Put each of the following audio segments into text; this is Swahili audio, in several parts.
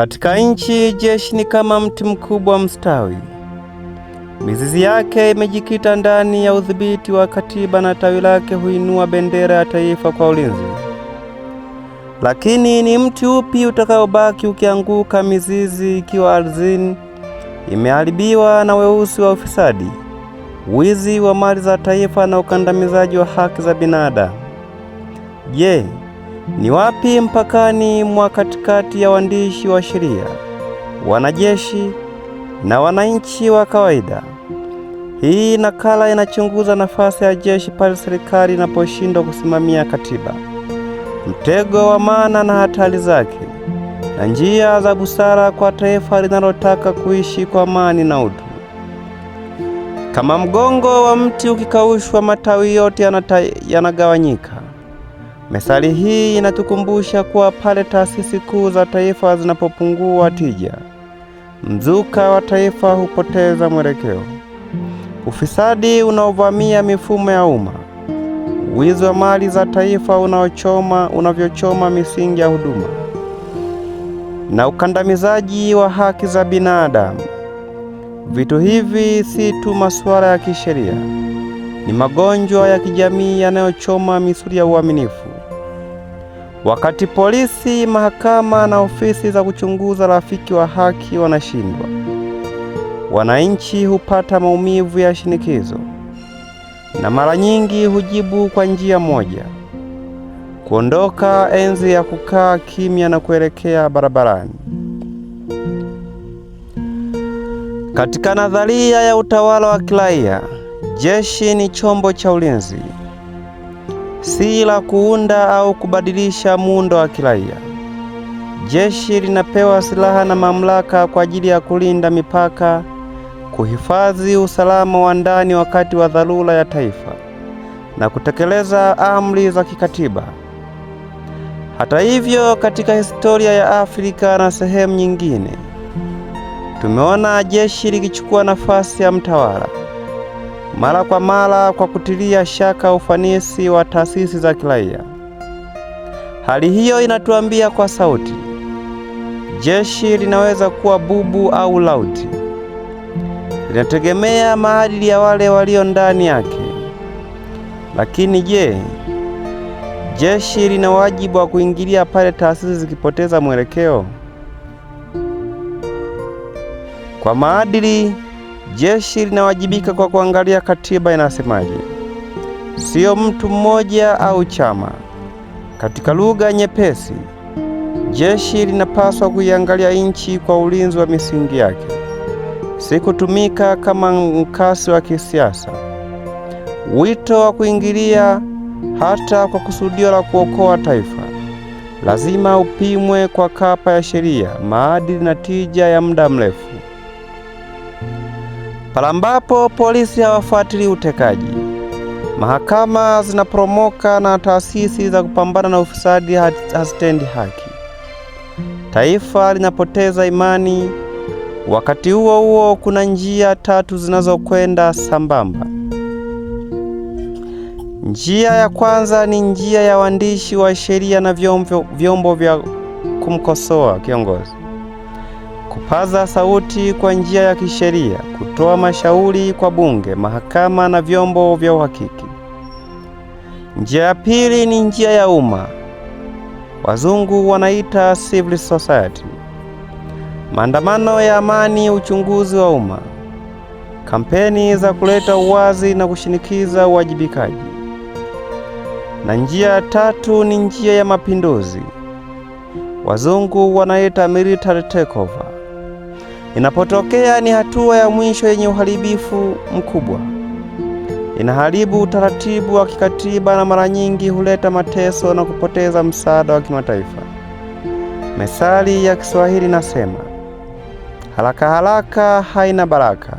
Katika nchi jeshi ni kama mti mkubwa mstawi, mizizi yake imejikita ndani ya udhibiti wa katiba, na tawi lake huinua bendera ya taifa kwa ulinzi. Lakini ni mti upi utakaobaki ukianguka, mizizi ikiwa ardhini, imeharibiwa na weusi wa ufisadi, wizi wa mali za taifa na ukandamizaji wa haki za binadamu? Je, ni wapi mpakani mwa katikati ya waandishi wa sheria, wanajeshi na wananchi wa kawaida. Hii nakala inachunguza nafasi ya jeshi pale serikali inaposhindwa kusimamia katiba, mtego wa maana na hatari zake, na njia za busara kwa taifa linalotaka kuishi kwa amani na utu. Kama mgongo wa mti ukikaushwa, matawi yote yanagawanyika. Methali hii inatukumbusha kuwa pale taasisi kuu za taifa zinapopungua tija, mzuka wa taifa hupoteza mwelekeo. Ufisadi unaovamia mifumo ya umma, wizi wa mali za taifa unaochoma unavyochoma misingi ya huduma, na ukandamizaji wa haki za binadamu. Vitu hivi si tu masuala ya kisheria, ni magonjwa ya kijamii yanayochoma misuli ya uaminifu, Wakati polisi, mahakama na ofisi za kuchunguza rafiki wa haki wanashindwa, wananchi hupata maumivu ya shinikizo na mara nyingi hujibu kwa njia moja: kuondoka enzi ya kukaa kimya na kuelekea barabarani. Katika nadharia ya utawala wa kiraia, jeshi ni chombo cha ulinzi si la kuunda au kubadilisha muundo wa kiraia. Jeshi linapewa silaha na mamlaka kwa ajili ya kulinda mipaka, kuhifadhi usalama wa ndani wakati wa dharura ya taifa na kutekeleza amri za kikatiba. Hata hivyo, katika historia ya Afrika na sehemu nyingine, tumeona jeshi likichukua nafasi ya mtawala mara kwa mara kwa kutilia shaka ufanisi wa taasisi za kiraia. Hali hiyo inatuambia kwa sauti, jeshi linaweza kuwa bubu au lauti, linategemea maadili ya wale walio ndani yake. Lakini je, jeshi lina wajibu wa kuingilia pale taasisi zikipoteza mwelekeo? Kwa maadili Jeshi linawajibika kwa kuangalia katiba inasemaje, siyo mtu mmoja au chama. Katika lugha nyepesi, jeshi linapaswa kuiangalia nchi kwa ulinzi wa misingi yake, si kutumika kama mkasi wa kisiasa. Wito wa kuingilia hata kwa kusudio la kuokoa taifa lazima upimwe kwa kapa ya sheria, maadili na tija ya muda mrefu. Pale ambapo polisi hawafuatilii utekaji, mahakama zinaporomoka na taasisi za kupambana na ufisadi hazitendi haki. Taifa linapoteza imani. Wakati huo huo, kuna njia tatu zinazokwenda sambamba. Njia ya kwanza ni njia ya waandishi wa sheria na vyombo, vyombo vya kumkosoa kiongozi kupaza sauti kwa njia ya kisheria, kutoa mashauri kwa bunge, mahakama na vyombo vya uhakiki. Njia ya pili ni njia ya umma, wazungu wanaita civil society: maandamano ya amani, uchunguzi wa umma, kampeni za kuleta uwazi na kushinikiza uwajibikaji. Na njia ya tatu ni njia ya mapinduzi, wazungu wanaita military takeover Inapotokea ni hatua ya mwisho yenye uharibifu mkubwa. Inaharibu utaratibu wa kikatiba na mara nyingi huleta mateso na kupoteza msaada wa kimataifa. Methali ya Kiswahili nasema, haraka haraka haina baraka.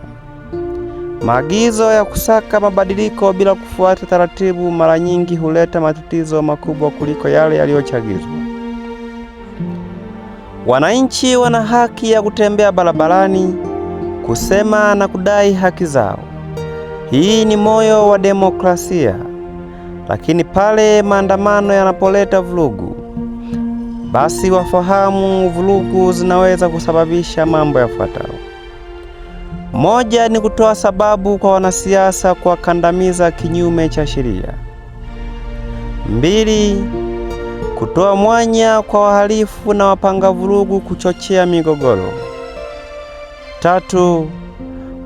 Maagizo ya kusaka mabadiliko bila kufuata taratibu mara nyingi huleta matatizo makubwa kuliko yale yaliyochagizwa. Wananchi wana haki ya kutembea barabarani, kusema na kudai haki zao. Hii ni moyo wa demokrasia. Lakini pale maandamano yanapoleta vurugu, basi wafahamu vurugu zinaweza kusababisha mambo yafuatayo. Moja ni kutoa sababu kwa wanasiasa kuwakandamiza kinyume cha sheria. Mbili kutoa mwanya kwa wahalifu na wapanga vurugu kuchochea migogoro. Tatu,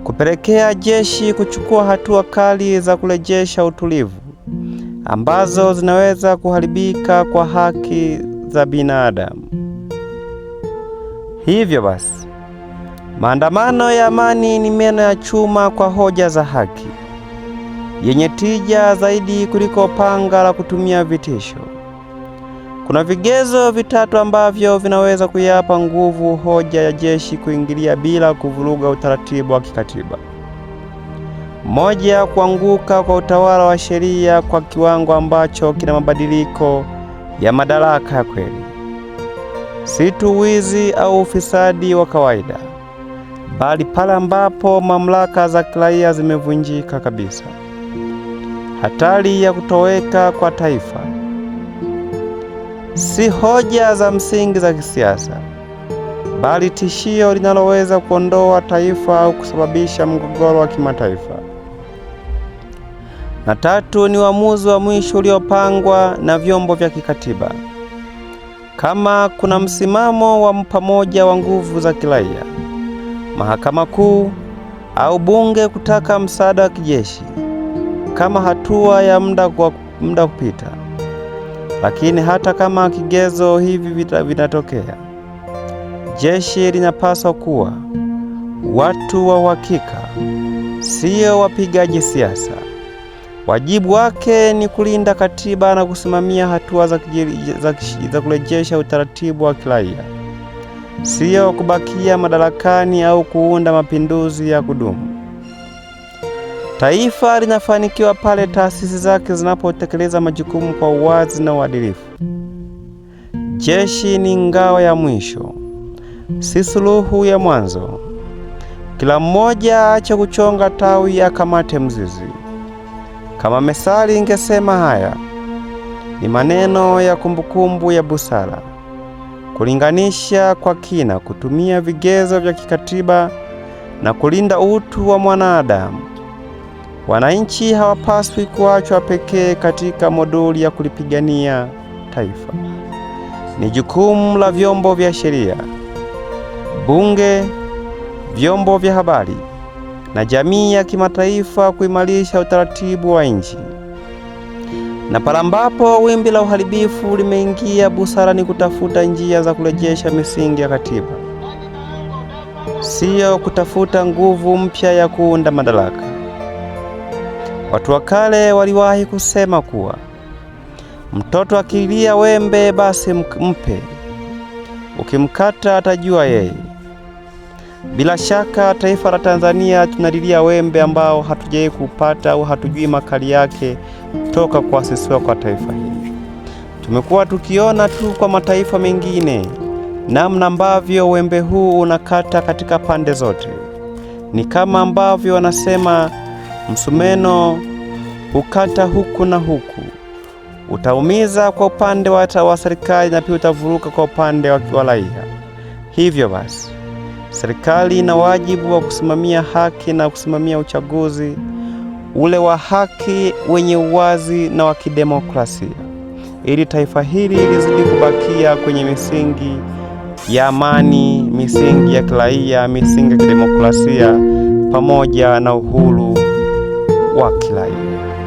kupelekea jeshi kuchukua hatua kali za kurejesha utulivu ambazo zinaweza kuharibika kwa haki za binadamu. Hivyo basi, maandamano ya amani ni meno ya chuma kwa hoja za haki yenye tija zaidi kuliko panga la kutumia vitisho. Kuna vigezo vitatu ambavyo vinaweza kuyapa nguvu hoja ya jeshi kuingilia bila kuvuruga utaratibu wa kikatiba. Moja, kuanguka kwa utawala wa sheria kwa kiwango ambacho kina mabadiliko ya madaraka ya kweli. Si tu wizi au ufisadi wa kawaida, bali pale ambapo mamlaka za kiraia zimevunjika kabisa. Hatari ya kutoweka kwa taifa si hoja za msingi za kisiasa, bali tishio linaloweza kuondoa taifa au kusababisha mgogoro wa kimataifa. Na tatu ni uamuzi wa mwisho uliopangwa na vyombo vya kikatiba. Kama kuna msimamo wa pamoja wa nguvu za kiraia, mahakama kuu au bunge kutaka msaada wa kijeshi kama hatua ya muda kwa muda kupita, lakini hata kama kigezo hivi vinatokea, jeshi linapaswa kuwa watu wa uhakika, sio wapigaji siasa. Wajibu wake ni kulinda katiba na kusimamia hatua za, za, za kurejesha utaratibu wa kiraia, sio kubakia madarakani au kuunda mapinduzi ya kudumu. Taifa linafanikiwa pale taasisi zake zinapotekeleza majukumu kwa uwazi na uadilifu. Jeshi ni ngao ya mwisho, si suluhu ya mwanzo. Kila mmoja aache kuchonga tawi, akamate mzizi. Kama mesali ingesema, haya ni maneno ya kumbukumbu ya busara: kulinganisha kwa kina, kutumia vigezo vya kikatiba na kulinda utu wa mwanadamu. Wananchi hawapaswi kuachwa pekee katika moduli ya kulipigania taifa. Ni jukumu la vyombo vya sheria, bunge, vyombo vya habari na jamii ya kimataifa kuimarisha utaratibu wa nchi. Na pale ambapo wimbi la uharibifu limeingia, busara ni kutafuta njia za kurejesha misingi ya katiba, siyo kutafuta nguvu mpya ya kuunda madaraka. Watu wa kale waliwahi kusema kuwa mtoto akilia wembe basi mpe, ukimkata atajua yeye. Bila shaka taifa la Tanzania tunalilia wembe ambao hatujawahi kupata au hatujui makali yake toka kuasisiwa kwa taifa hili. Tumekuwa tukiona tu kwa mataifa mengine namna ambavyo wembe huu unakata katika pande zote, ni kama ambavyo wanasema Msumeno hukata huku na huku, utaumiza kwa upande wa serikali na pia utavuruka kwa upande wa raia. Hivyo basi, serikali ina wajibu wa kusimamia haki na kusimamia uchaguzi ule wa haki, wenye uwazi na wa kidemokrasia, ili taifa hili lizidi kubakia kwenye misingi ya amani, misingi ya kiraia, misingi ya kidemokrasia pamoja na uhuru wa kiraia.